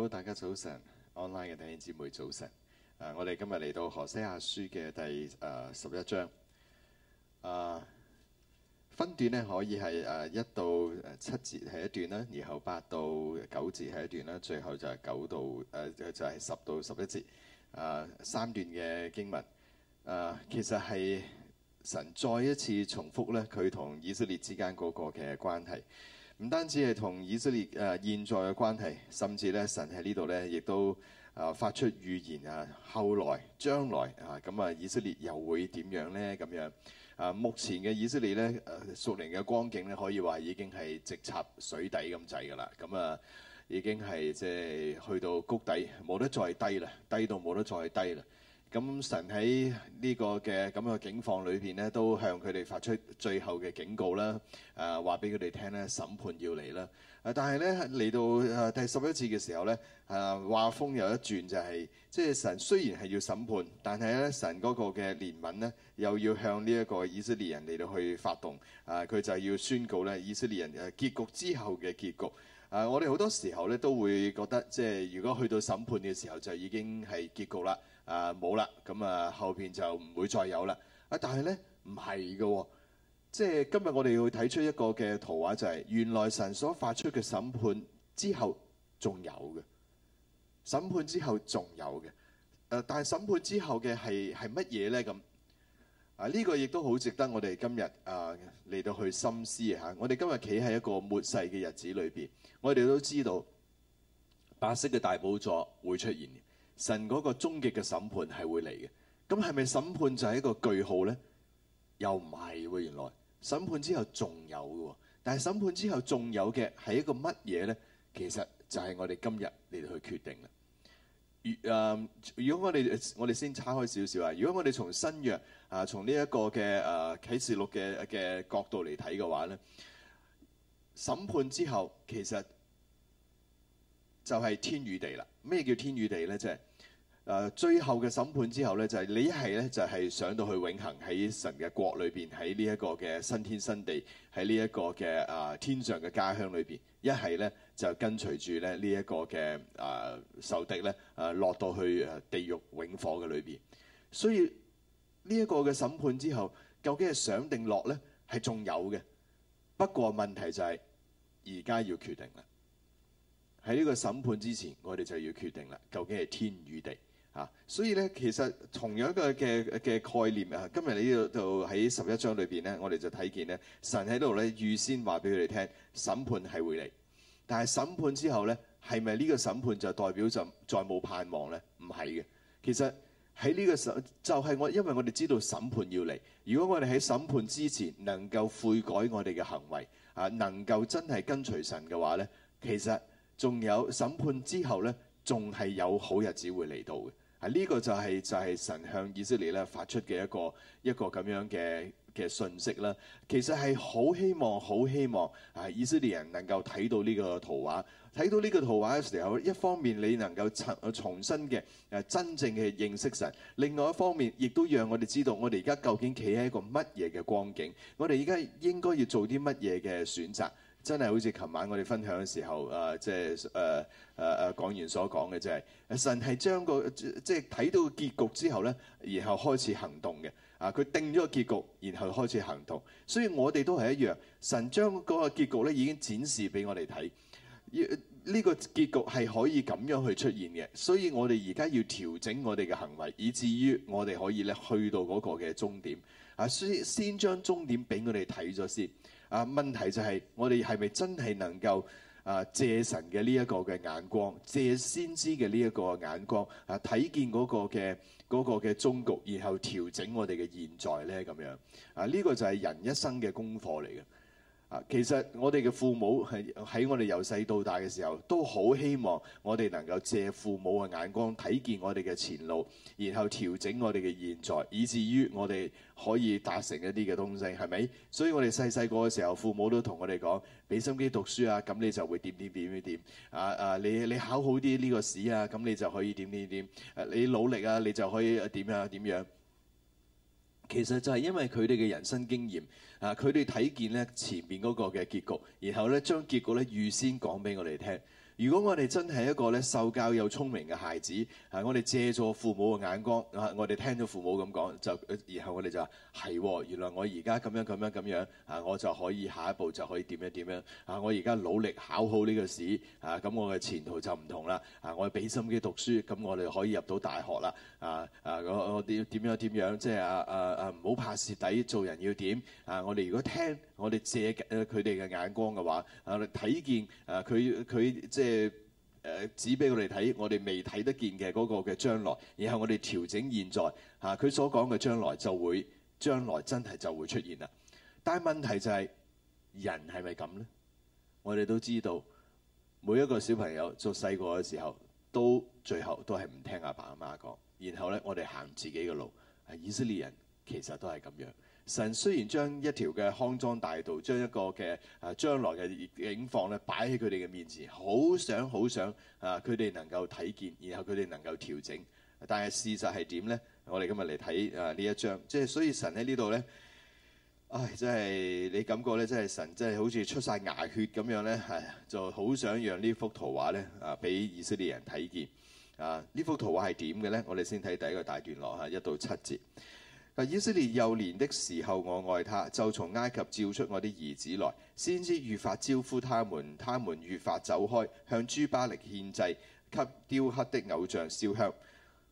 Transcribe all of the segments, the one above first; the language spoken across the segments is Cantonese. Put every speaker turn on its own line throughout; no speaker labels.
好，大家早晨，online 嘅弟兄姊妹早晨。啊，我哋今日嚟到何西阿書嘅第誒、呃、十一章。啊，分段咧可以係誒、啊、一到七節係一段啦，然後八到九節係一段啦，最後就係九到誒、呃、就係、是、十到十一節。啊，三段嘅經文。啊，其實係神再一次重複咧，佢同以色列之間嗰個嘅關係。唔單止係同以色列誒、呃、現在嘅關係，甚至咧神喺呢度咧，亦都誒發出預言啊。後來、將來啊，咁、嗯、啊，以色列又會點樣咧？咁、嗯、樣啊，目前嘅以色列咧，屬靈嘅光景咧，可以話已經係直插水底咁滯㗎啦。咁、嗯、啊，已經係即係去到谷底，冇得再低啦，低到冇得再低啦。咁、嗯、神喺呢個嘅咁嘅境況裏邊呢，都向佢哋發出最後嘅警告啦。誒、啊，話俾佢哋聽咧，審判要嚟啦。誒、啊，但係咧嚟到誒、啊、第十一次嘅時候咧，誒、啊、話風又一轉、就是，就係即係神雖然係要審判，但係咧神嗰個嘅憐憫咧，又要向呢一個以色列人嚟到去發動。誒、啊，佢就要宣告咧，以色列人誒結局之後嘅結局。誒、啊，我哋好多時候咧都會覺得，即係如果去到審判嘅時候，就已經係結局啦。啊冇啦，咁啊後邊就唔會再有啦。啊，但係咧唔係嘅，即係今日我哋要睇出一個嘅圖畫，就係原來神所發出嘅審判之後仲有嘅，審判之後仲有嘅。誒、啊，但係審判之後嘅係係乜嘢咧？咁啊呢個亦都好值得我哋今日啊嚟到去深思嚇。我哋今日企喺一個末世嘅日子裏邊，我哋都知道白色嘅大寶座會出現。神嗰個終極嘅審判係會嚟嘅，咁係咪審判就係一個句號咧？又唔係喎，原來審判之後仲有嘅，但係審判之後仲有嘅係一個乜嘢咧？其實就係我哋今日嚟去決定啦。如誒，如果我哋我哋先叉開少少啊，如果我哋從新約啊，從呢一個嘅誒啟示錄嘅嘅角度嚟睇嘅話咧，審判之後其實就係天與地啦。咩叫天與地咧？即係？誒、啊、最後嘅審判之後呢，就係、是、你一係呢，就係、是、上到去永恆喺神嘅國裏邊，喺呢一個嘅新天新地，喺呢一個嘅啊天上嘅家鄉裏邊；一係呢，就跟隨住咧呢一、這個嘅啊仇敵呢誒、啊、落到去地獄永火嘅裏邊。所以呢一、這個嘅審判之後，究竟係上定落呢？係仲有嘅。不過問題就係而家要決定啦。喺呢個審判之前，我哋就要決定啦，究竟係天與地。所以咧，其實同樣嘅嘅嘅概念啊，今日喺呢度喺十一章裏邊咧，我哋就睇見咧，神喺度咧預先話俾佢哋聽，審判係會嚟。但係審判之後咧，係咪呢個審判就代表就再冇盼望咧？唔係嘅，其實喺呢個時候就係我，因為我哋知道審判要嚟。如果我哋喺審判之前能夠悔改我哋嘅行為啊，能夠真係跟隨神嘅話咧，其實仲有審判之後咧，仲係有好日子會嚟到嘅。啊！呢個就係就係神向以色列咧發出嘅一個一個咁樣嘅嘅訊息啦。其實係好希望，好希望啊！以色列人能夠睇到呢個圖畫，睇到呢個圖畫嘅時候，一方面你能夠重新嘅誒、啊、真正嘅認識神；另外一方面，亦都讓我哋知道我哋而家究竟企喺一個乜嘢嘅光景，我哋而家應該要做啲乜嘢嘅選擇。真係好似琴晚我哋分享嘅時候，啊、呃，即係誒誒誒講完所講嘅、就係，就係神係將個即係睇到個結局之後咧，然後開始行動嘅。啊，佢定咗個結局，然後開始行動。所以我哋都係一樣，神將嗰個結局咧已經展示俾我哋睇。呢、呢個結局係可以咁樣去出現嘅，所以我哋而家要調整我哋嘅行為，以至於我哋可以咧去到嗰個嘅終點。啊，先先將終點俾我哋睇咗先。啊！問題就係、是、我哋係咪真係能夠啊借神嘅呢一個嘅眼光，借先知嘅呢一個眼光啊睇見嗰個嘅嗰個嘅終局，然後調整我哋嘅現在咧咁樣啊？呢、呢個就係人一生嘅功課嚟嘅。啊，其實我哋嘅父母係喺我哋由細到大嘅時候，都好希望我哋能夠借父母嘅眼光睇見我哋嘅前路，然後調整我哋嘅現在，以至於我哋可以達成一啲嘅東西，係咪？所以我哋細細個嘅時候，父母都同我哋講，俾心機讀書啊，咁你就會點點點點點啊啊！你你考好啲呢個試啊，咁你就可以點點點誒、啊！你努力啊，你就可以點樣點樣？其實就係因為佢哋嘅人生經驗啊，佢哋睇見咧前面嗰個嘅結局，然後咧將結局咧預先講俾我哋聽。如果我哋真係一個咧受教又聰明嘅孩子，啊，我哋借助父母嘅眼光，啊，我哋聽咗父母咁講，就然後我哋就話，係原來我而家咁樣咁樣咁樣啊，我就可以下一步就可以點樣點樣啊，我而家努力考好呢個試啊，咁我嘅前途就唔同啦，啊，我俾心機讀書，咁我哋可以入到大學啦，啊啊，啊，啊，我哋要點樣點樣即係啊啊啊，唔好怕蝕底，做人要點啊，我哋如果聽我哋借佢哋嘅眼光嘅話啊，我哋睇見啊，佢佢即係。誒，誒、呃，指俾我哋睇，我哋未睇得見嘅嗰個嘅將來，然後我哋調整現在吓，佢、啊、所講嘅將來就會將來真係就會出現啦。但係問題就係、是、人係咪咁呢？我哋都知道，每一個小朋友做細個嘅時候，都最後都係唔聽阿爸阿媽講，然後呢，我哋行自己嘅路、啊。以色列人其實都係咁樣。神雖然將一條嘅康莊大道，將一個嘅啊將來嘅景況咧擺喺佢哋嘅面前，好想好想啊佢哋能夠睇見，然後佢哋能夠調整。但係事實係點呢？我哋今日嚟睇啊呢一章，即係所以神喺呢度呢。唉、哎，真係你感覺咧，真係神真係好似出晒牙血咁樣呢，係、哎、就好想讓呢幅圖畫呢啊俾以色列人睇見啊呢幅圖畫係點嘅呢？我哋先睇第一個大段落吓、啊、一到七節。以色列幼年的時候，我愛他，就從埃及召出我的兒子來，先知越發招呼他們，他們越發走開，向諸巴力獻祭，給雕刻的偶像燒香。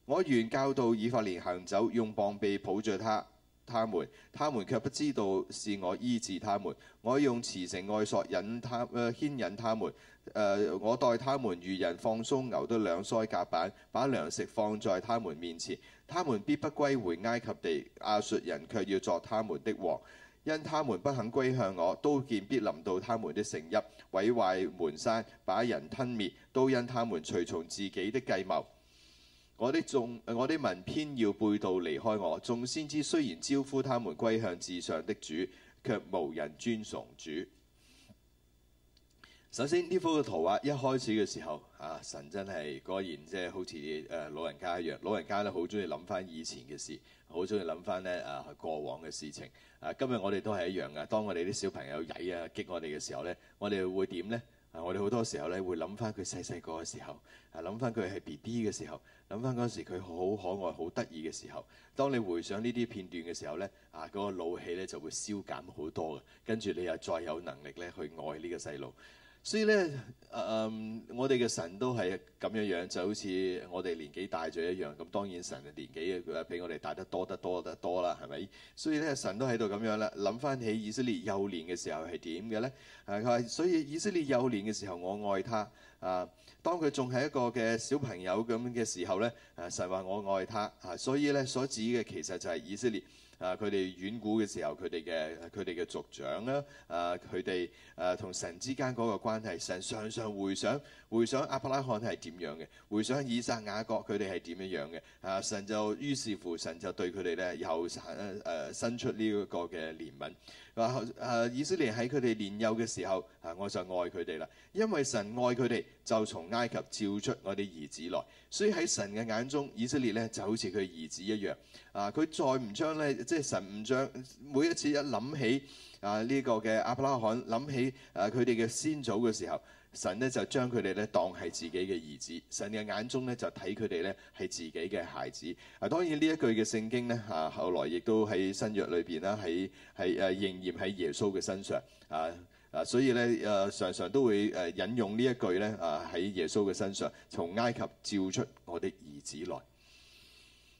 我原教導以法蓮行走，用膀臂抱着他，他們，他們卻不知道是我醫治他們，我用慈繩愛索引他，誒、呃、牽引他們。Uh, 我待他們如人放鬆牛的兩腮夾板，把糧食放在他們面前，他們必不歸回埃及地。亞述人卻要作他們的王，因他們不肯歸向我，刀劍必臨到他們的城邑，毀壞門山，把人吞滅，都因他們隨從自己的計謀。我的眾，我的民偏要背道離開我，眾先知雖然招呼他們歸向至上的主，卻無人尊崇主。首先呢幅嘅圖畫一開始嘅時候，啊神真係果然即係、呃、好似誒、呃、老人家一樣，老人家咧好中意諗翻以前嘅事，好中意諗翻咧啊過往嘅事情。啊，今日我哋都係一樣噶。當我哋啲小朋友曳啊激我哋嘅時候咧，我哋會點咧？啊，我哋好多時候咧會諗翻佢細細個嘅時候，啊諗翻佢係 BB 嘅時候，諗翻嗰時佢好可愛、好得意嘅時候。當你回想呢啲片段嘅時候咧，啊嗰、嗰個怒氣咧就會消減好多嘅，跟住你又再有能力咧去愛呢個細路。所以咧，嗯，我哋嘅神都係咁樣樣，就好似我哋年紀大咗一樣。咁當然神嘅年紀誒，比我哋大得多得多得多啦，係咪？所以咧，神都喺度咁樣啦。諗翻起以色列幼年嘅時候係點嘅咧？係、啊、佢話所以以色列幼年嘅時、啊、時候，啊、我愛他啊。當佢仲係一個嘅小朋友咁嘅時候咧，誒神話我愛他啊。所以咧所指嘅其實就係以色列。啊！佢哋遠古嘅時候，佢哋嘅佢哋嘅族長啦，啊！佢哋啊同神之間嗰個關係，神常常回想回想亞伯拉罕係點樣嘅，回想以撒、雅各佢哋係點樣嘅，啊！神就於是乎，神就對佢哋咧又伸、啊、伸出呢一個嘅憐憫。啊！誒，以色列喺佢哋年幼嘅時候，啊，我就愛佢哋啦，因為神愛佢哋，就從埃及召出我哋兒子來。所以喺神嘅眼中，以色列咧就好似佢兒子一樣。啊，佢再唔將咧，即係神唔將每一次一諗起啊呢、這個嘅亞伯拉罕，諗起誒佢哋嘅先祖嘅時候。神咧就將佢哋咧當係自己嘅兒子，神嘅眼中咧就睇佢哋咧係自己嘅孩子。啊，當然呢一句嘅聖經咧，啊後來亦都喺新約裏邊啦，喺係誒應驗喺耶穌嘅身上。啊啊，所以咧誒常常都會誒引用呢一句咧啊喺耶穌嘅身上，從埃及召出我的兒子來。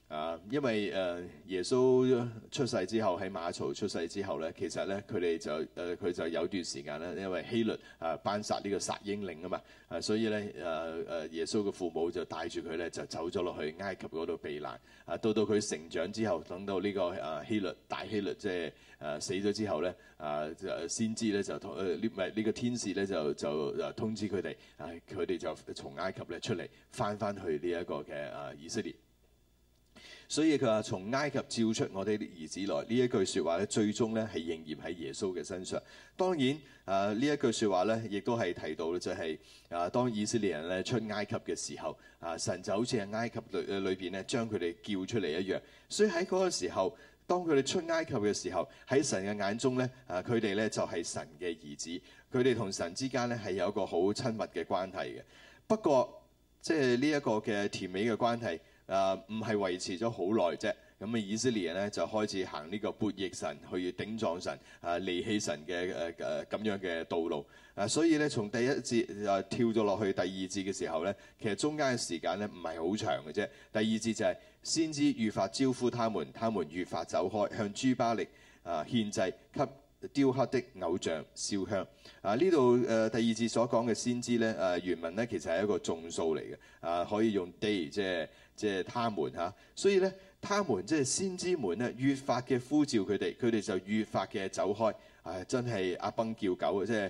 啊，因為誒、啊、耶穌出世之後，喺馬槽出世之後咧，其實咧佢哋就誒佢、啊、就有段時間咧，因為希律啊班殺呢個殺嬰令啊嘛，啊所以咧誒誒耶穌嘅父母就帶住佢咧就走咗落去埃及嗰度避難。啊到到佢成長之後，等到呢、這個啊希律大希律即、就、係、是、啊死咗之後咧，啊就先知咧就同誒呢唔係呢個天使咧就就就通知佢哋，誒佢哋就從埃及咧出嚟翻翻去呢、這、一個嘅啊以色列。所以佢話從埃及召出我哋啲兒子來，呢一句説話咧，最終咧係應驗喺耶穌嘅身上。當然，啊呢一句説話咧，亦都係提到咧，就係啊當以色列人咧出埃及嘅時候，啊神就好似喺埃及裏裏邊咧將佢哋叫出嚟一樣。所以喺嗰個時候，當佢哋出埃及嘅時候，喺神嘅眼中咧，啊佢哋咧就係神嘅兒子，佢哋同神之間咧係有一個好親密嘅關係嘅。不過，即係呢一個嘅甜美嘅關係。啊，唔係維持咗好耐啫。咁啊，以色列人呢，就開始行呢、呢個叛逆神，去頂撞神啊，離棄神嘅誒誒咁樣嘅道路啊。所以呢，從第一節啊跳咗落去第二節嘅時候呢，其實中間嘅時間呢，唔係好長嘅啫。第二節就係先知越發招呼他們，他們越發走開，向諸巴力啊獻祭，給雕刻的偶像燒香啊。呢度誒第二節所講嘅先知呢，誒、啊、原文呢，其實係一個眾數嚟嘅啊，可以用 day 即係。即係他們嚇，所以咧，他們即係先知們咧，越發嘅呼召佢哋，佢哋就越發嘅走開。唉，真係阿崩叫狗，即係。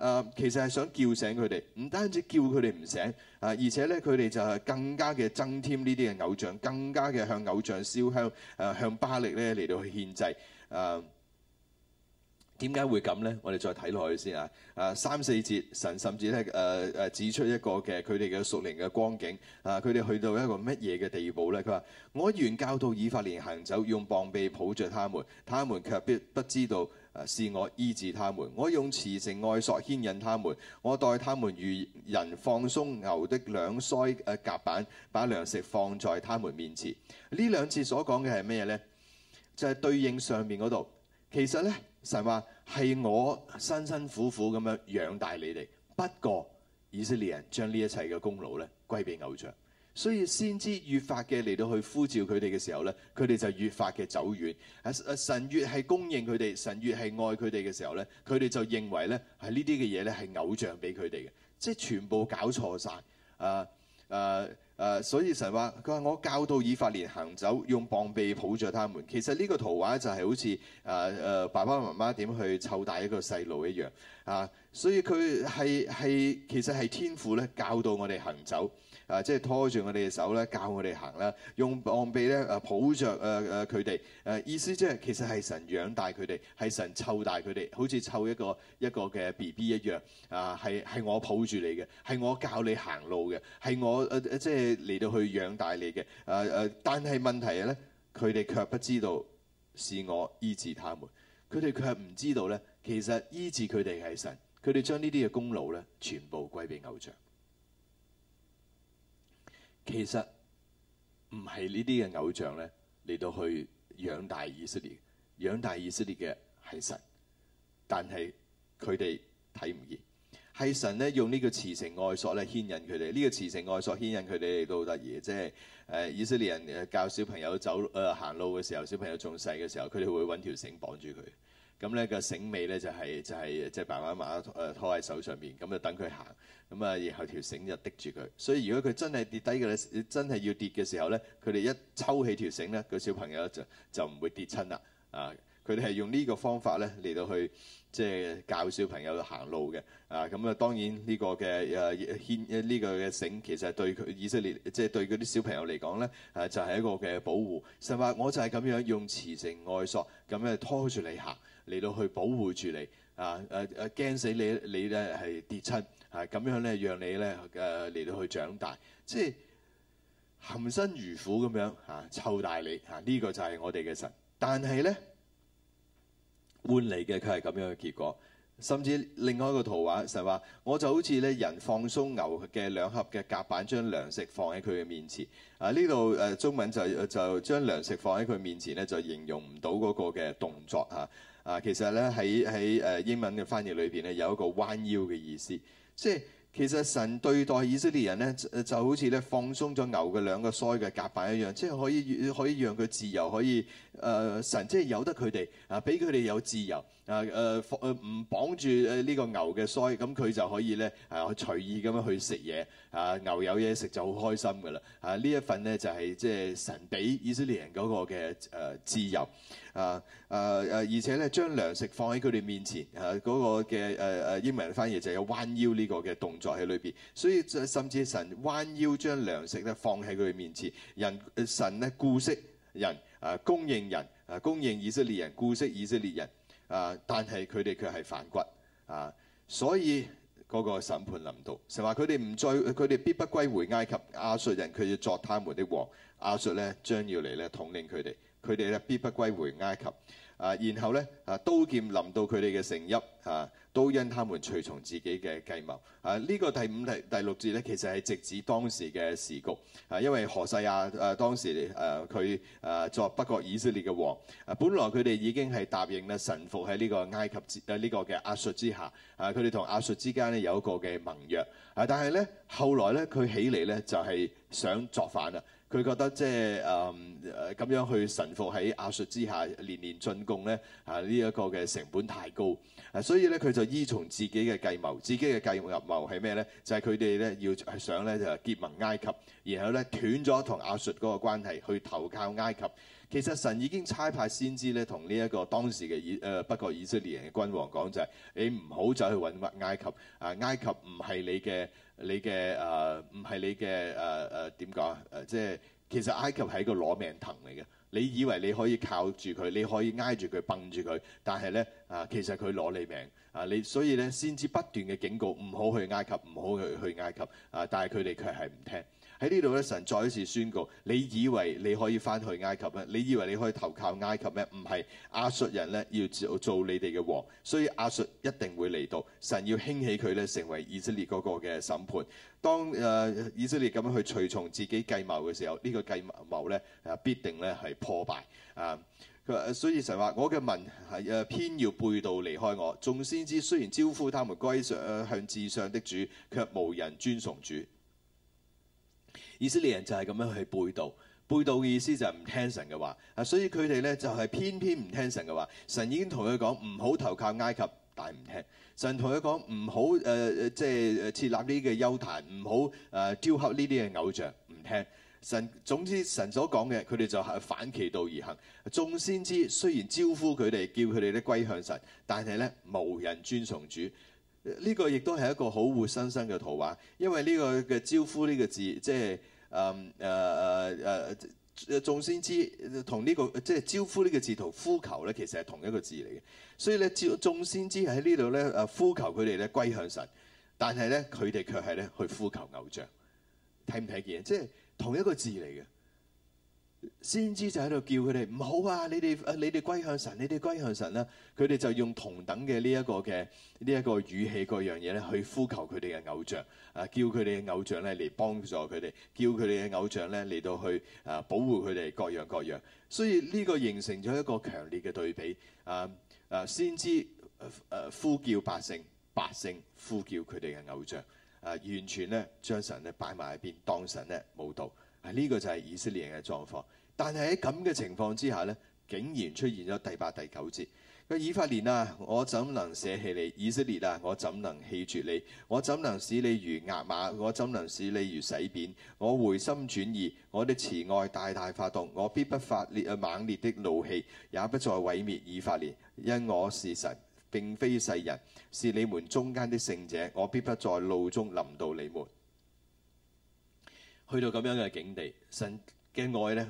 誒其實係想叫醒佢哋，唔單止叫佢哋唔醒，誒而且咧佢哋就係更加嘅增添呢啲嘅偶像，更加嘅向偶像燒香，誒向巴力咧嚟到去獻祭。誒點解會咁咧？我哋再睇落去先啊。誒三四節神甚至咧誒誒指出一個嘅佢哋嘅屬靈嘅光景。誒佢哋去到一個乜嘢嘅地步咧？佢話，我原教導以法蓮行走，用膀臂抱着他們，他們卻必不知道。是我醫治他們，我用慈繩愛索牽引他們，我待他們如人放鬆牛的兩腮誒夾板，把糧食放在他們面前。呢兩次所講嘅係咩咧？就係對應上面嗰度。其實咧神話係我辛辛苦苦咁樣養大你哋，不過以色列人將呢一切嘅功勞咧歸俾偶像。所以先知越發嘅嚟到去呼召佢哋嘅時候咧，佢哋就越發嘅走遠。啊啊！神越係供應佢哋，神越係愛佢哋嘅時候咧，佢哋就認為咧係呢啲嘅嘢咧係偶像俾佢哋嘅，即係全部搞錯晒。啊啊啊！所以神話佢話我教導以法蓮行走，用膀臂抱著他們。其實呢個圖畫就係好似啊誒、啊、爸爸媽媽點去湊大一個細路一樣啊。所以佢係係其實係天父咧教導我哋行走，啊即係拖住我哋嘅手咧教我哋行啦，用膀臂咧啊抱着誒誒佢哋，誒、啊、意思即、就、係、是、其實係神養大佢哋，係神湊大佢哋，好似湊一個一個嘅 B B 一樣啊係係我抱住你嘅，係我教你行路嘅，係我誒誒、啊、即係嚟到去養大你嘅，誒、啊、誒、啊，但係問題咧佢哋卻不知道是我醫治他們，佢哋卻唔知道咧其實醫治佢哋係神。佢哋將呢啲嘅功勞咧，全部歸俾偶像。其實唔係呢啲嘅偶像咧嚟到去養大以色列，養大以色列嘅係神，但係佢哋睇唔見。係神咧用呢個慈繩愛索咧牽引佢哋，呢、呢個慈繩愛索牽引佢哋都好得意，即係誒以色列人教小朋友走誒、呃、行路嘅時候，小朋友仲細嘅時候，佢哋會揾條繩綁住佢。咁呢個繩尾咧就係、是、就係即係爸爸媽媽誒拖喺手上邊，咁就等佢行咁啊，然後條繩就滴住佢。所以如果佢真係跌低嘅咧，真係要跌嘅時候咧，佢哋一抽起條繩咧，個小朋友就就唔會跌親啦。啊，佢哋係用呢個方法咧嚟到去即係、就是、教小朋友行路嘅。啊，咁啊當然呢個嘅誒牽呢個嘅繩其實對佢以色列即係、就是、對嗰啲小朋友嚟講咧，誒、啊、就係、是、一個嘅保護實話。我就係咁樣用慈繩愛索咁樣拖住你行。嚟到去保護住你啊！誒誒驚死你！你咧係跌親啊！咁樣咧讓你咧誒嚟到去長大，即係含辛茹苦咁樣嚇湊、啊、大你嚇。呢、啊這個就係我哋嘅神，但係咧換嚟嘅佢係咁樣嘅結果。甚至另外一個圖畫就係話，我就好似咧人放鬆牛嘅兩盒嘅夾板，將糧食放喺佢嘅面前。啊呢度誒中文就就將糧食放喺佢面前咧，就形容唔到嗰個嘅動作嚇。啊啊啊，其實咧喺喺誒英文嘅翻譯裏邊咧，有一個彎腰嘅意思，即係其實神對待以色列人咧，就好似咧放鬆咗牛嘅兩個腮嘅夾板一樣，即係可以可以讓佢自由，可以誒、呃、神即係、就是、由得佢哋啊，俾佢哋有自由。啊！誒放唔綁住誒呢個牛嘅腮，咁佢就可以咧誒、啊、隨意咁樣去食嘢啊！牛有嘢食就好開心㗎啦啊！呢一份呢就係即係神俾以色列人嗰個嘅誒自由啊啊啊！而且咧將糧食放喺佢哋面前啊，嗰、那個嘅誒誒英文嘅翻譯就有彎腰呢個嘅動作喺裏邊，所以甚至神彎腰將糧食咧放喺佢哋面前，人神咧顧惜人啊，供應人啊，供應以色列人，顧惜以色列人。啊！但係佢哋卻係反骨啊，所以嗰個審判臨到，成話佢哋唔再，佢哋必不歸回埃及。亞述人，佢要作他們的王，亞述咧將要嚟咧統領佢哋，佢哋咧必不歸回埃及啊！然後咧啊，刀劍臨到佢哋嘅城邑啊。都因他們隨從自己嘅計謀。啊，呢、這個第五第第六節咧，其實係直指當時嘅時局。啊，因為何西阿誒當時誒佢誒作北國以色列嘅王。啊，本來佢哋已經係答應咧臣服喺呢個埃及之呢、啊這個嘅亞述之下。啊，佢哋同亞述之間咧有一個嘅盟約。啊，但係咧後來咧佢起嚟咧就係、是、想作反啦。佢覺得即係誒咁樣去臣服喺亞述之下，年年進貢咧，啊呢一個嘅成本太高，啊所以咧佢就依從自己嘅計謀，自己嘅計謀係咩咧？就係佢哋咧要係想咧就結盟埃及，然後咧斷咗同亞述嗰個關係，去投靠埃及。其實神已經差派先知咧同呢一個當時嘅以誒不過以色列人嘅君王講就係：你唔好就去揾埃及，啊埃及唔係你嘅，你嘅誒唔係你嘅誒誒點講啊？誒、呃呃呃、即係其實埃及係一個攞命藤嚟嘅，你以為你可以靠住佢，你可以挨住佢，崩住佢，但係咧啊，其實佢攞你命啊！你所以咧先至不斷嘅警告，唔好去埃及，唔好去去埃及啊！但係佢哋卻係唔聽。喺呢度咧，神再一次宣告，你以為你可以翻去埃及咩？你以為你可以投靠埃及咩？唔係，亞述人咧要做做你哋嘅王，所以亞述一定會嚟到。神要興起佢咧，成為以色列嗰個嘅審判。當誒、呃、以色列咁樣去隨從自己計謀嘅時候，這個、呢個計謀咧，啊必定咧係破敗啊。佢所以神話：我嘅民係誒偏要背道離開我，眾先知雖然招呼他們歸上向至上的主，卻無人尊崇主。以色列人就係咁樣去背道，背道嘅意思就係唔聽神嘅話啊！所以佢哋咧就係偏偏唔聽神嘅話。神已經同佢講唔好投靠埃及，但係唔聽。神同佢講唔好誒誒，即係、呃就是、設立呢嘅邱壇，唔好誒雕刻呢啲嘅偶像，唔聽。神總之神所講嘅，佢哋就係反其道而行。眾先知雖然招呼佢哋，叫佢哋咧歸向神，但係咧無人尊崇主。呢個亦都係一個好活生生嘅圖畫，因為呢個嘅招呼呢個字即係。誒誒誒誒，眾先知同呢個即係招呼呢個字同呼求咧，其實係同一個字嚟嘅。所以咧，召眾先知喺呢度咧誒呼求佢哋咧歸向神，但係咧佢哋卻係咧去呼求偶像，睇唔睇見？即係同一個字嚟嘅。先知就喺度叫佢哋唔好啊！你哋啊，你哋歸向神，你哋歸向神啦，啊！佢哋就用同等嘅呢一個嘅呢一個語氣各樣嘢咧，去呼求佢哋嘅偶像啊，叫佢哋嘅偶像咧嚟幫助佢哋，叫佢哋嘅偶像咧嚟到去啊保護佢哋各，各樣各樣。所以呢個形成咗一個強烈嘅對比啊啊！先知誒、啊、呼叫百姓，百姓呼叫佢哋嘅偶像啊，完全咧將神咧擺埋一邊，當神咧無道。呢個就係以色列人嘅狀況，但係喺咁嘅情況之下呢竟然出現咗第八、第九節。佢以法蓮啊，我怎能捨棄你？以色列啊，我怎能棄絕你？我怎能使你如押瑪？我怎能使你如洗扁？我回心轉意，我的慈愛大大發動，我必不發烈猛烈的怒氣，也不再毀滅以法蓮，因我是神，並非世人，是你們中間的聖者，我必不在怒中臨到你們。去到咁樣嘅境地，神嘅愛咧，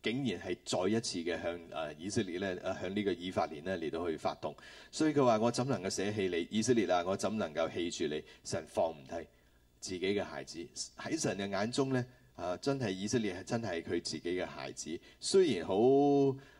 竟然係再一次嘅向誒、呃、以色列咧，向呢個以法蓮咧嚟到去發動，所以佢話：我怎能夠捨棄你，以色列啊？我怎能夠棄住你？神放唔低自己嘅孩子，喺神嘅眼中咧，啊、呃，真係以色列係真係佢自己嘅孩子，雖然好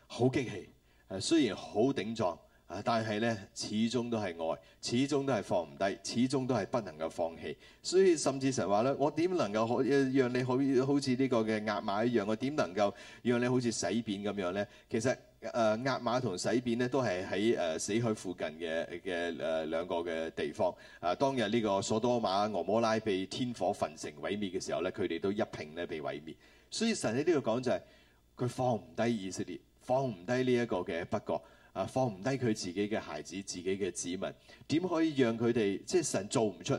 好激氣，誒、呃，雖然好頂撞。但係咧，始終都係愛，始終都係放唔低，始終都係不能夠放棄。所以甚至神話咧，我點能夠可讓你好好似呢個嘅押瑪一樣？我點能夠讓你好似洗扁咁樣咧？其實誒押、呃、瑪同洗扁咧，都係喺誒死海附近嘅嘅誒兩個嘅地方。啊、呃，當日呢個所多瑪、蛾摩拉被天火焚城毀滅嘅時候咧，佢哋都一並咧被毀滅。所以神喺呢度講就係、是、佢放唔低以色列，放唔低呢一個嘅不過。啊，放唔低佢自己嘅孩子、自己嘅子民，點可以讓佢哋？即係神做唔出，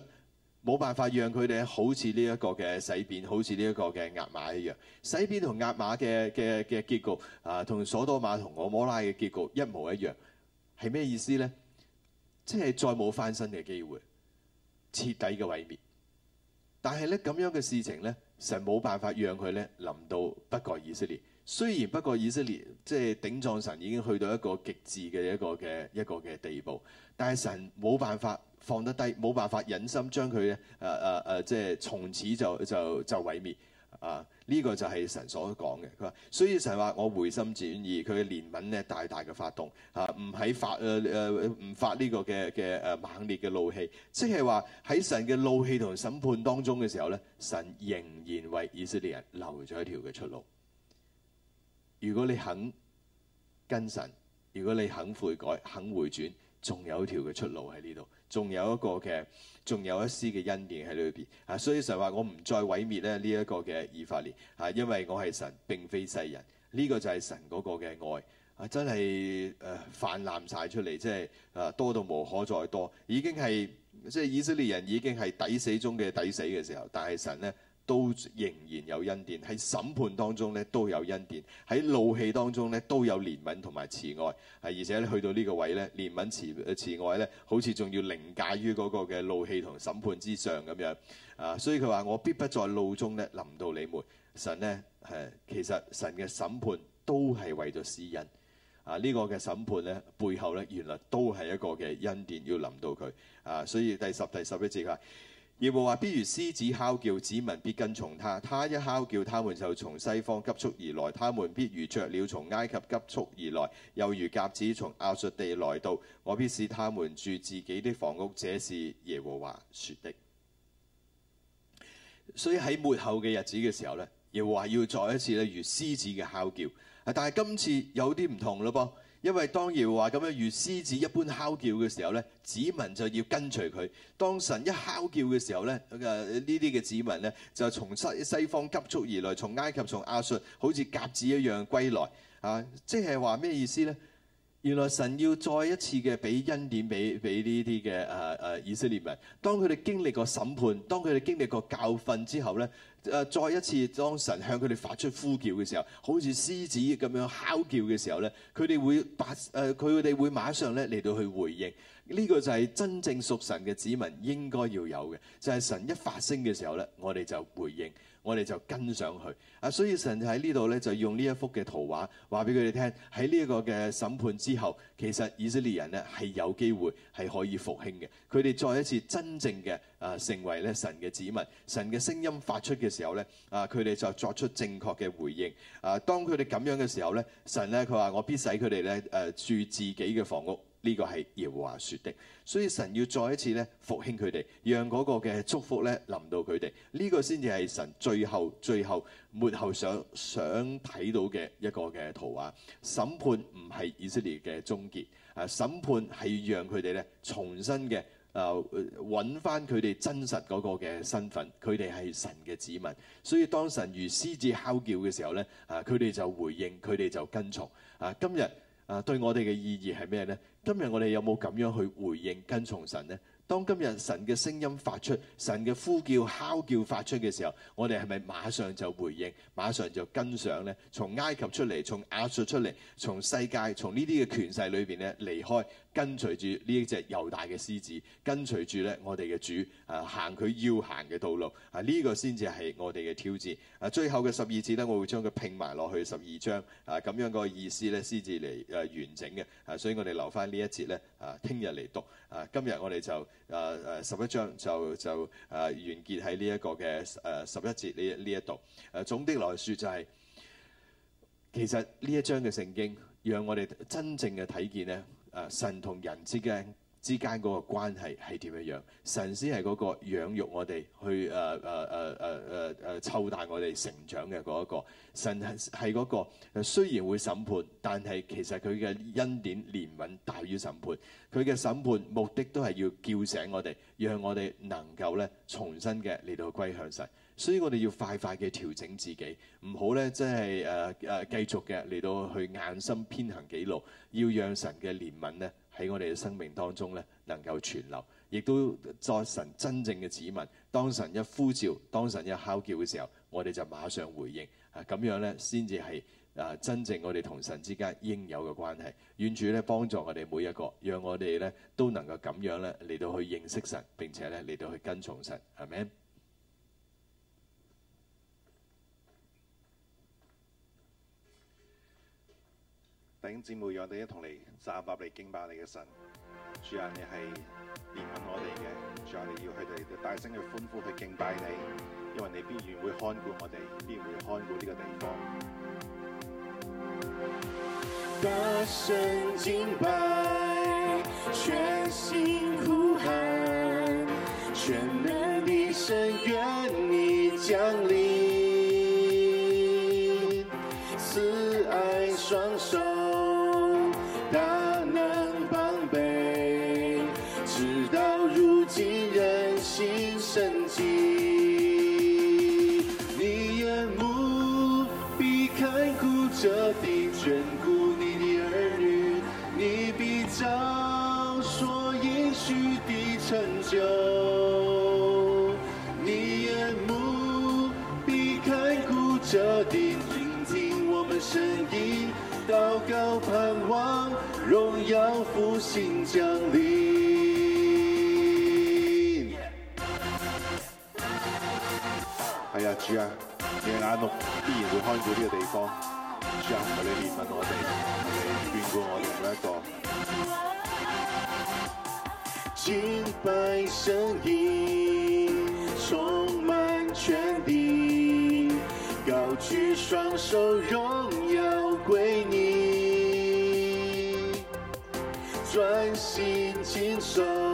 冇辦法讓佢哋好似呢一個嘅洗扁，好似呢一個嘅押瑪一樣，洗扁同押瑪嘅嘅嘅結局，啊，同所多馬同蛾摩拉嘅結局一模一樣，係咩意思咧？即係再冇翻身嘅機會，徹底嘅毀滅。但係咧，咁樣嘅事情咧，神冇辦法讓佢咧臨到北國以色列。雖然不過，以色列即係頂撞神已經去到一個極致嘅一個嘅一個嘅地步，但係神冇辦法放得低，冇辦法忍心將佢誒誒誒，即係從此就就就毀滅啊！呢個就係神所講嘅。佢話，所以神話我回心轉意，佢嘅憐憫咧大大嘅發動啊，唔喺發誒誒唔發呢個嘅嘅誒猛烈嘅怒氣，即係話喺神嘅怒氣同審判當中嘅時候咧，神仍然為以色列人留咗一條嘅出路。如果你肯跟神，如果你肯悔改、肯回轉，仲有一條嘅出路喺呢度，仲有一個嘅，仲有一絲嘅恩典喺裏邊。啊，所以神話我唔再毀滅咧呢一個嘅以法蓮，啊，因為我係神，並非世人。呢、這個就係神嗰個嘅愛，啊，真係誒、呃、泛濫晒出嚟，即係啊多到無可再多，已經係即係以色列人已經係抵死中嘅抵死嘅時候，但係神呢。都仍然有恩典，喺審判當中咧都有恩典，喺怒氣當中咧都有憐憫同埋慈愛，係而且去到呢個位咧，憐憫慈慈愛咧，好似仲要凌駕於嗰個嘅怒氣同審判之上咁樣啊！所以佢話：我必不在怒中咧臨到你們。神呢。啊，係其實神嘅審判都係為咗私恩啊！呢個嘅審判咧背後咧原來都係一個嘅恩典要臨到佢啊！所以第十、第十一節佢耶和華必如獅子哮叫，子民必跟從他。他一哮叫，他們就從西方急速而來；他們必如雀鳥從埃及急速而來，又如鴿子從亞述地來到。我必使他們住自己的房屋，這是耶和華說的。所以喺末後嘅日子嘅時候呢，耶和華要再一次咧如獅子嘅哮叫，但係今次有啲唔同咯噃。因為當然話咁樣如獅子一般嚎叫嘅時候咧，子民就要跟隨佢。當神一嚎叫嘅時候咧，呢啲嘅子民咧就從西西方急速而來，從埃及、從亞述，好似鴿子一樣歸來啊！即係話咩意思咧？原來神要再一次嘅俾恩典，俾俾呢啲嘅誒誒以色列人。當佢哋經歷過審判，當佢哋經歷過教訓之後咧。誒再一次，當神向佢哋發出呼叫嘅時候，好似獅子咁樣吼叫嘅時候咧，佢哋會馬誒，呃，佢哋會馬上咧嚟到去回應。呢個就係真正屬神嘅子民應該要有嘅，就係神一發聲嘅時候咧，我哋就回應。我哋就跟上去，啊，所以神喺呢度咧就用呢一幅嘅圖畫話俾佢哋聽。喺呢一個嘅審判之後，其實以色列人呢，係有機會，係可以復興嘅，佢哋再一次真正嘅啊成為咧神嘅子民，神嘅聲音發出嘅時候咧啊，佢哋就作出正確嘅回應。啊，當佢哋咁樣嘅時候咧，神咧佢話：「我必使佢哋咧誒住自己嘅房屋。呢個係耶和華說的，所以神要再一次咧復興佢哋，讓嗰個嘅祝福咧臨到佢哋，呢個先至係神最後、最後、末後想想睇到嘅一個嘅圖畫。審判唔係以色列嘅終結，啊，審判係要讓佢哋咧重新嘅啊揾翻佢哋真實嗰個嘅身份，佢哋係神嘅子民。所以當神如獅子哮叫嘅時候咧，啊，佢哋就回應，佢哋就跟從。啊，今日。啊！對我哋嘅意義係咩呢？今日我哋有冇咁樣去回應跟從神呢？當今日神嘅聲音發出，神嘅呼叫、敲叫發出嘅時候，我哋係咪馬上就回應，馬上就跟上呢？從埃及出嚟，從亞述出嚟，從世界，從呢啲嘅權勢裏邊咧離開。跟隨住呢一隻又大嘅獅子，跟隨住咧我哋嘅主，啊行佢要行嘅道路，啊呢、這個先至係我哋嘅挑戰。啊，最後嘅十二節咧，我會將佢拼埋落去十二章，啊咁樣個意思咧，獅子嚟誒、啊、完整嘅。啊，所以我哋留翻呢一節咧，啊聽日嚟讀。啊，今日我哋就誒誒十一章就就誒、啊、完結喺呢一個嘅誒十一節呢呢一度。誒、啊、總的來說就係、是、其實呢一章嘅聖經，讓我哋真正嘅睇見呢。誒、啊、神同人之間之間嗰個關係係點樣？神先係嗰個養育我哋，去誒誒誒誒誒誒湊大我哋成長嘅嗰一個。神係係嗰個雖然會審判，但係其實佢嘅恩典憐憫大於審判。佢嘅審判目的都係要叫醒我哋，讓我哋能夠咧重新嘅嚟到歸向神。所以我哋要快快嘅調整自己，唔好咧，即係誒誒繼續嘅嚟到去硬心偏行己路，要讓神嘅憐憫呢喺我哋嘅生命當中呢能夠存留，亦都作神真正嘅子民。當神一呼召，當神一敲叫嘅時候，我哋就馬上回應，啊，咁樣呢，先至係誒真正我哋同神之間應有嘅關係。願主咧幫助我哋每一個，讓我哋呢都能夠咁樣呢嚟到去認識神，並且呢嚟到去跟從神，阿門。弟兄姊妹，我哋一同嚟讚美你、敬拜你嘅神。主啊，你係憐憫我哋嘅，主啊，你要佢哋大聲去歡呼去敬拜你，因為你必然會看顧我哋，必然會看顧呢個地方。
大聲敬拜，全心呼喊，全能的神，願你降臨，慈愛雙手。要復興降臨。哎呀黃 West，主啊，你的眼目必然會看顧呢個地方。主啊，唔係你憐憫我哋，係你眷顧我哋每一個。敬拜聲音充滿全地，高舉雙手，榮耀歸你。專心聽手。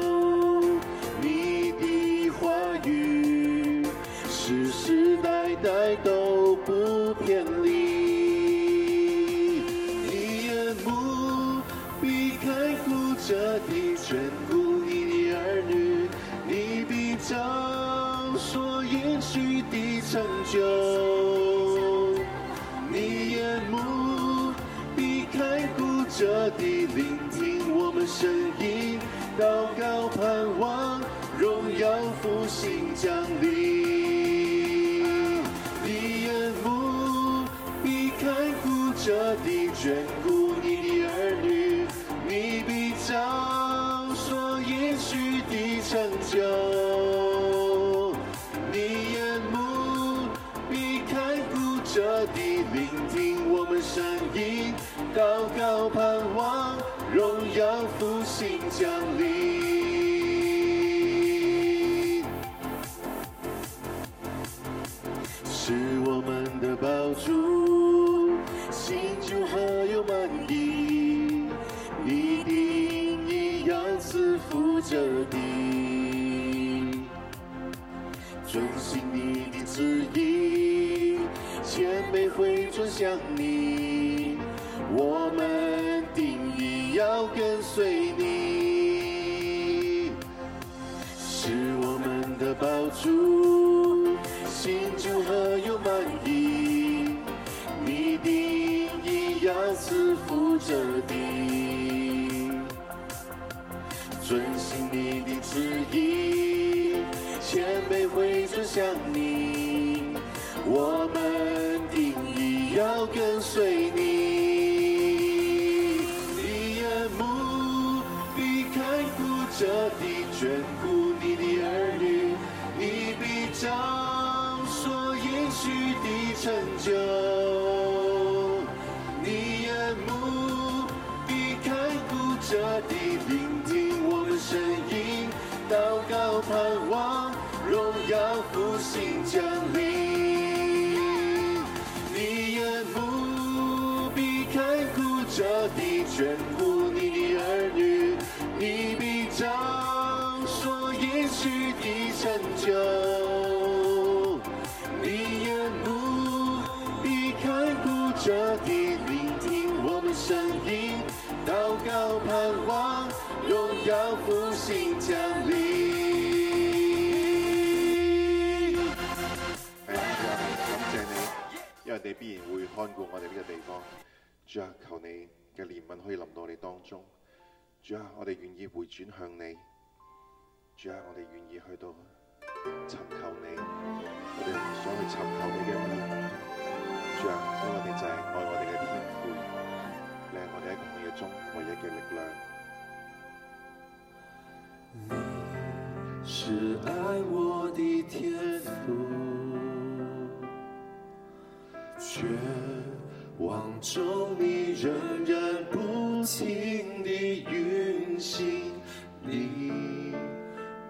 降臨，是我們的寶珠，心中還有滿意，一定一樣賜福着你，遵循你的旨意，千杯回轉向你，我們定要跟隨你。保住新酒何有滿意，你定意要自負着地，遵循你的旨意，千杯會轉向你，我們定意要跟隨你，你眼目必看顧着地。有盼望，將你。心 And, 主啊，感謝你，因為你必然會看顧我哋呢個地方。主啊，求你嘅憐憫可以臨到我哋當中。主啊，我哋願意回轉向你。主啊，我哋願意去到尋求你，我
哋想去尋求你嘅面。主啊，因為你就係愛我哋。你是
愛我的天父，絕望中你仍然不停地運行，你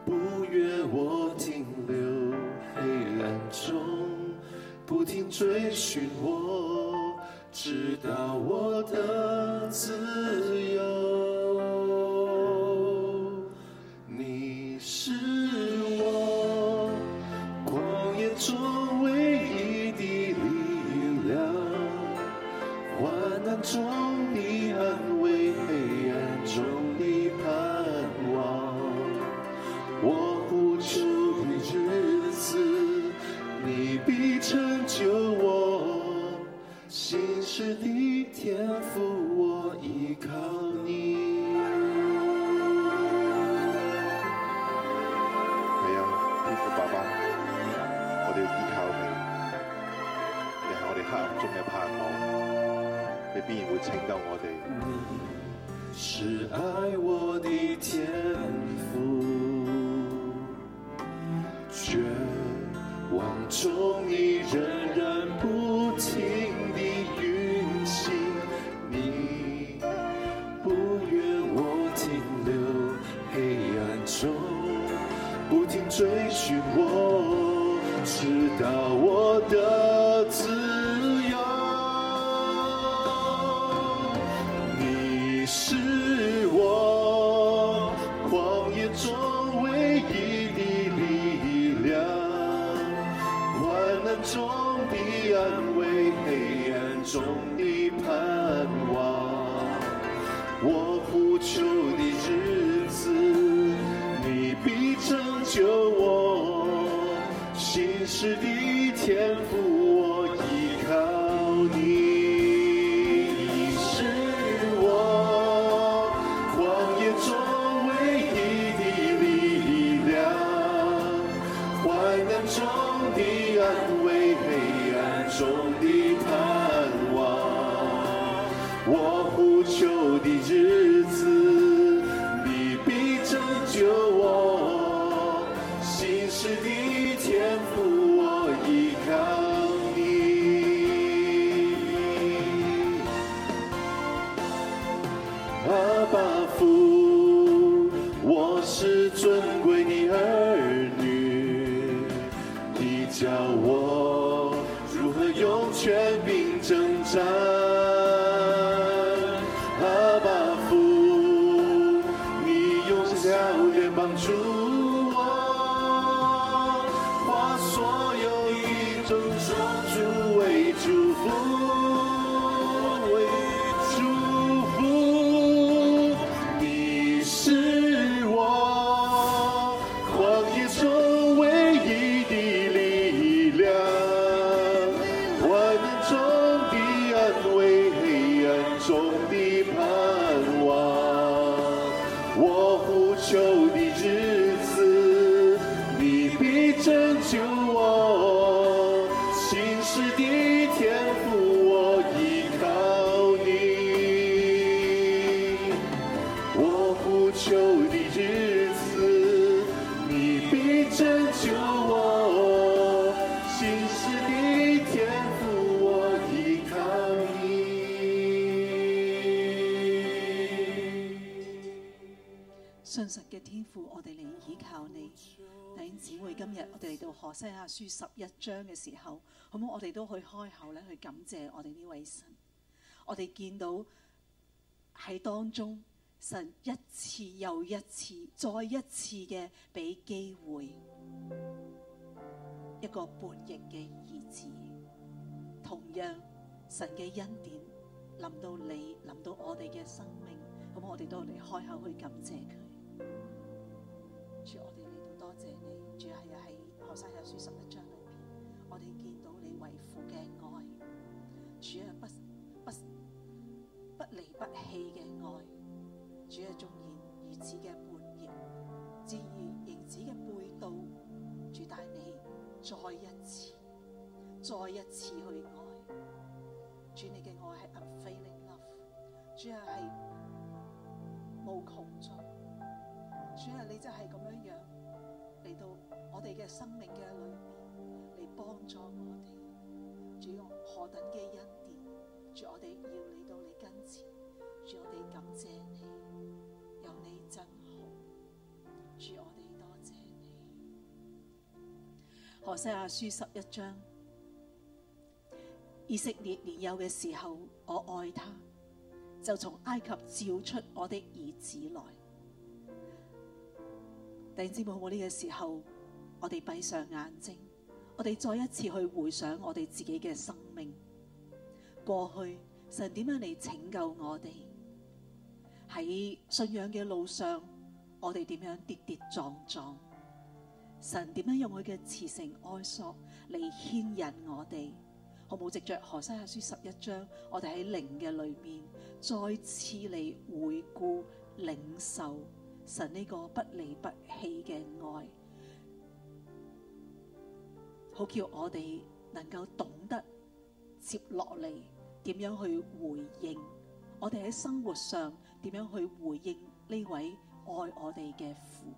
不約我停留黑暗中，不停追尋我。直到我的自由。必然會拯救我哋。你是愛我的天為你兒女，你教我如何用生命掙扎。
張嘅時候，咁我哋都去開口咧，去感謝我哋呢位神。我哋見到喺當中，神一次又一次、再一次嘅，俾機會一個叛逆嘅兒子，同樣神嘅恩典臨到你，臨到我哋嘅生命，咁我哋都嚟開口去感謝佢。主，我哋嚟到多謝你，主，係呀，係何西阿書十一章。父嘅愛，主係不不不離不棄嘅愛，主係縱然如此嘅叛逆，至於影子嘅背道，主帶你再一次，再一次去愛。主你嘅愛係 unfailing love，主係無窮盡，主係你就係咁樣樣嚟到我哋嘅生命嘅裏面嚟幫助我哋。等嘅恩典，主我哋要嚟到你跟前，主我哋感謝你，有你真好，主我哋多謝你。何西阿書十一章，以色列年幼嘅時候，我愛他，就從埃及召出我的兒子來。弟兄姊妹，我呢個時候，我哋閉上眼睛。我哋再一次去回想我哋自己嘅生命，過去神點樣嚟拯救我哋？喺信仰嘅路上，我哋點樣跌跌撞撞？神點樣用佢嘅慈繩愛索嚟牽引我哋？好冇？藉着何西阿書十一章，我哋喺靈嘅裏面再次嚟回顧領受神呢個不離不棄嘅愛。好叫我哋能夠懂得接落嚟，點樣去回應，我哋喺生活上點樣去回應呢位愛我哋嘅父。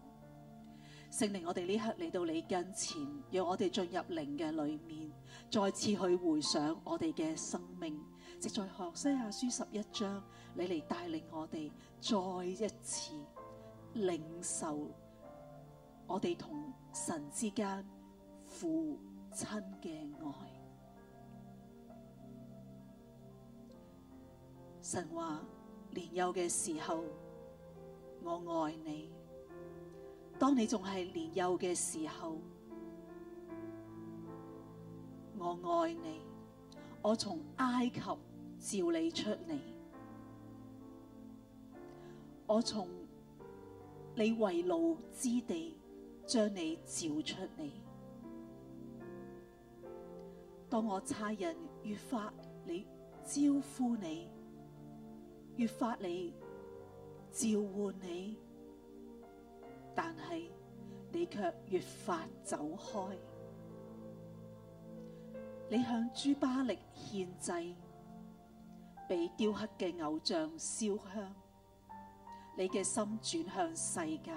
聖靈，我哋呢刻嚟到你跟前，讓我哋進入靈嘅裏面，再次去回想我哋嘅生命，即在《何西阿書》十一章，你嚟帶領我哋再一次領受我哋同神之間父。親嘅愛，神話年幼嘅時候，我愛你。當你仲係年幼嘅時候，我愛你。我從埃及召你出嚟，我從你為奴之地將你召出嚟。當我差人越發嚟，招呼你，越發嚟召喚你，但係你卻越發走開。你向諸巴力獻祭，被雕刻嘅偶像燒香，你嘅心轉向世界。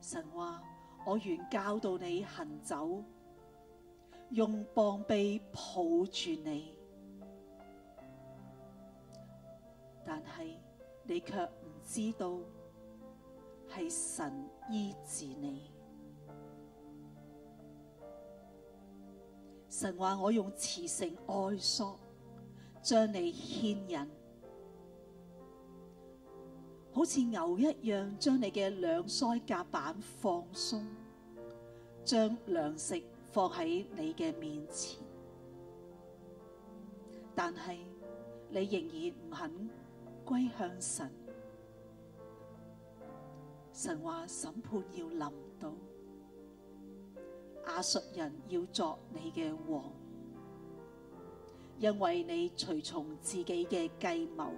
神話，我原教導你行走。用膀臂抱住你，但係你卻唔知道係神醫治你。神話我用慈繩愛索將你牽引，好似牛一樣將你嘅兩腮夾板放鬆，將糧食。放喺你嘅面前，但係你仍然唔肯歸向神。神話審判要臨到，亞述人要作你嘅王，因為你隨從自己嘅計謀，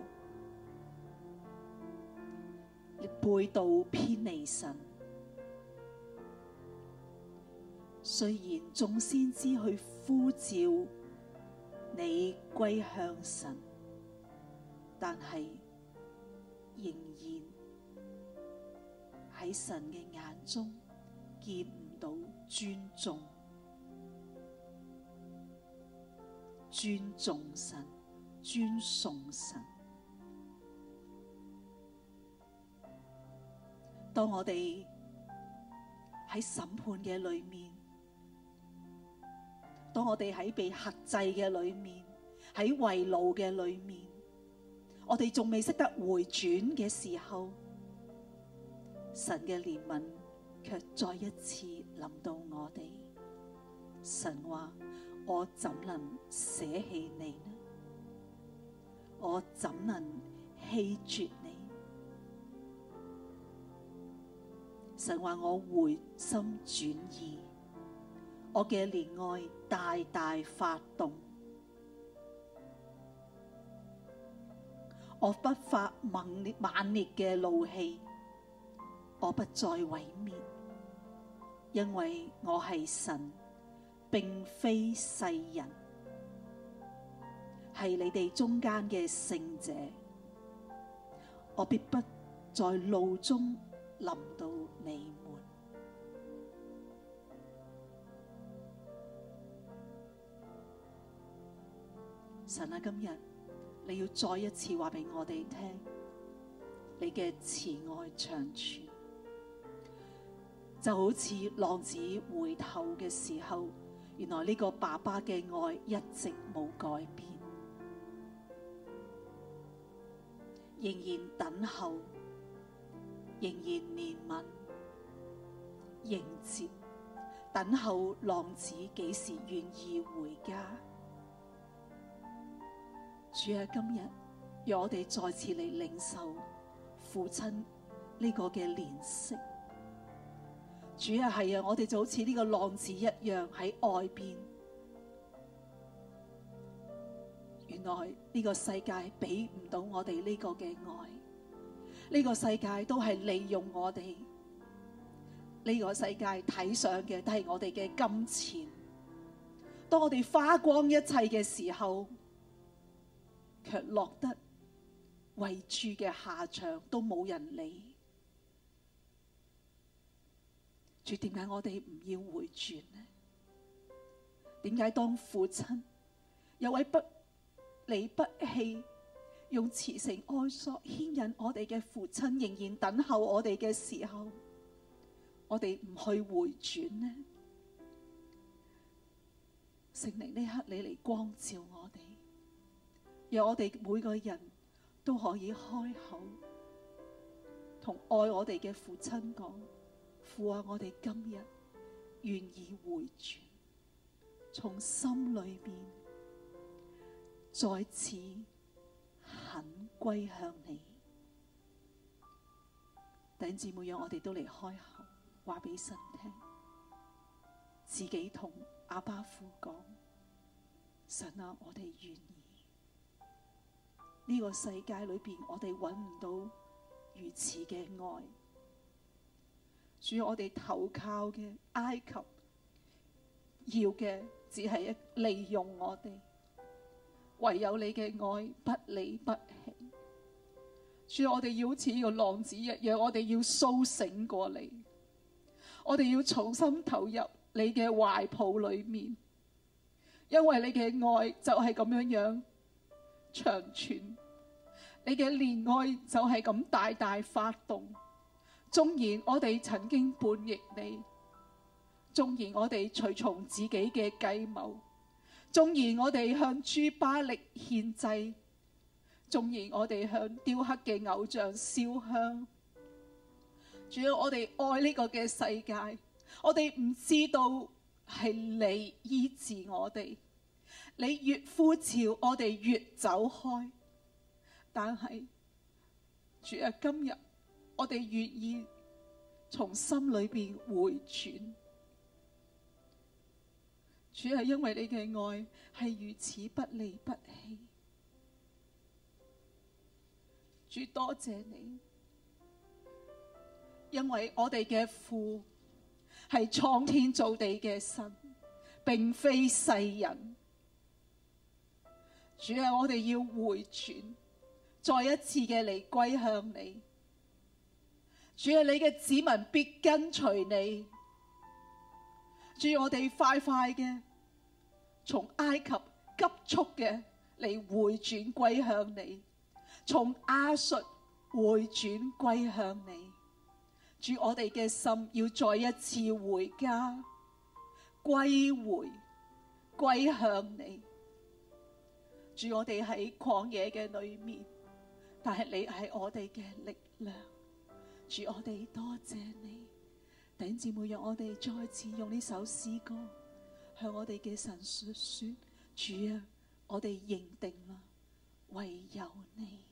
你背道偏離神。雖然眾先知去呼召你歸向神，但係仍然喺神嘅眼中見唔到尊重、尊重神、尊崇神。當我哋喺審判嘅裏面。當我哋喺被克制嘅裏面，喺圍路嘅裏面，我哋仲未識得回轉嘅時候，神嘅憐憫卻再一次臨到我哋。神話：我怎能捨棄你呢？我怎能棄絕你？神話：我回心轉意。我嘅憐愛大大發動，我不發猛烈猛烈嘅怒氣，我不再毀滅，因為我係神，並非世人，係你哋中間嘅聖者，我必不在路中臨到你。神啊，今日你要再一次話俾我哋聽，你嘅慈愛長存，就好似浪子回頭嘅時候，原來呢個爸爸嘅愛一直冇改變，仍然等候，仍然憐憫，迎接，等候浪子幾時願意回家。主喺、啊、今日，讓我哋再次嚟領受父親呢個嘅憐惜。主啊，係啊，我哋就好似呢個浪子一樣喺外邊。原來呢個世界俾唔到我哋呢個嘅愛，呢、呢個世界都係利用我哋，呢、呢個世界睇上嘅都係我哋嘅金錢。當我哋花光一切嘅時候，卻落得遺住嘅下場，都冇人理。主，點解我哋唔要回轉呢？點解當父親有位不離不棄、用慈繩愛索牽引我哋嘅父親，仍然等候我哋嘅時候，我哋唔去回轉呢？聖靈呢刻，你嚟光照我哋。讓我哋每個人都可以開口，同愛我哋嘅父親講：父啊，我哋今日願意回轉，從心裏面再次肯歸向你。弟兄姊妹，我哋都嚟開口，話畀神聽，自己同阿爸父講：神啊，我哋願意。呢個世界裏邊，我哋搵唔到如此嘅愛，主要我哋投靠嘅埃及要嘅只係一利用我哋，唯有你嘅愛不離不棄。主要我哋要好似個浪子一樣，我哋要蘇醒過嚟，我哋要重新投入你嘅懷抱裏面，因為你嘅愛就係咁樣樣長存，你嘅憐愛就係咁大大發動。縱然我哋曾經叛逆你，縱然我哋隨從自己嘅計謀，縱然我哋向朱巴力獻祭，縱然我哋向雕刻嘅偶像燒香，主要我哋愛呢個嘅世界，我哋唔知道係你醫治我哋。你越呼召，我哋越走開。但係主啊，今日我哋願意從心裏邊回轉。主係、啊、因為你嘅愛係如此不離不棄，主多謝你，因為我哋嘅父係創天造地嘅神，並非世人。主係，我哋要回轉，再一次嘅嚟歸向你。主係，你嘅子民必跟隨你。主，我哋快快嘅從埃及急速嘅嚟回轉歸向你，從亞述回轉歸向你。主，我哋嘅心要再一次回家，歸回，歸向你。主我哋喺曠野嘅裏面，但係你係我哋嘅力量。主我哋多謝，謝你，弟兄姊妹，讓我哋再次用呢首詩歌向我哋嘅神說說：主啊，我哋認定啦，唯有你。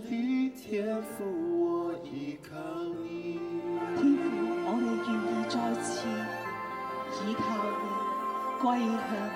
天父，我
倚靠你，
天父，我哋願意再次倚靠你歸向。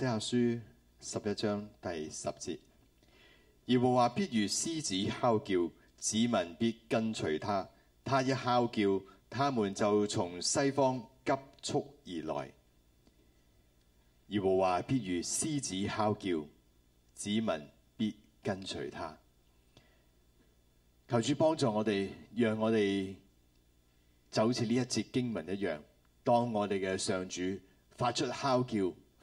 睇下書十一章第十節，耶和華必如獅子吼叫，子民必跟隨他。他一吼叫，他們就從西方急速而來。耶和華必如獅子吼叫，子民必跟隨他。求主幫助我哋，讓我哋就好似呢一節經文一樣，當我哋嘅上主發出吼叫，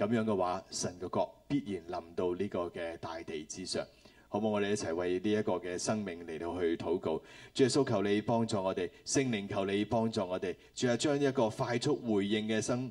咁樣嘅話，神嘅國必然臨到呢個嘅大地之上，好唔好？我哋一齊為呢一個嘅生命嚟到去禱告。主耶穌求你幫助我哋，聖靈求你幫助我哋，主啊，將一個快速回應嘅生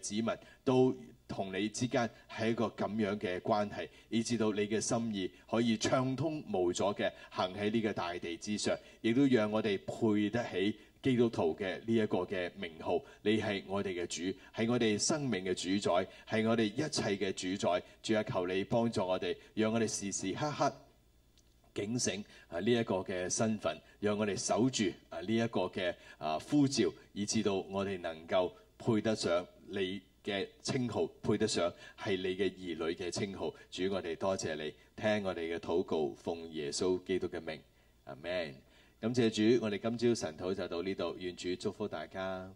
子民都同你之間係一個咁樣嘅關係，以至到你嘅心意可以暢通無阻嘅行喺呢個大地之上，亦都讓我哋配得起基督徒嘅呢一個嘅名號。你係我哋嘅主，係我哋生命嘅主宰，係我哋一切嘅主宰。主啊，求你幫助我哋，讓我哋時時刻刻警醒，啊呢一個嘅身份，讓我哋守住啊呢一個嘅啊呼召，以至到我哋能夠配得上。你嘅稱號配得上係你嘅兒女嘅稱號，主，我哋多謝你，聽我哋嘅禱告，奉耶穌基督嘅名。Amen。感謝主，我哋今朝晨禱就到呢度，願主祝福大家。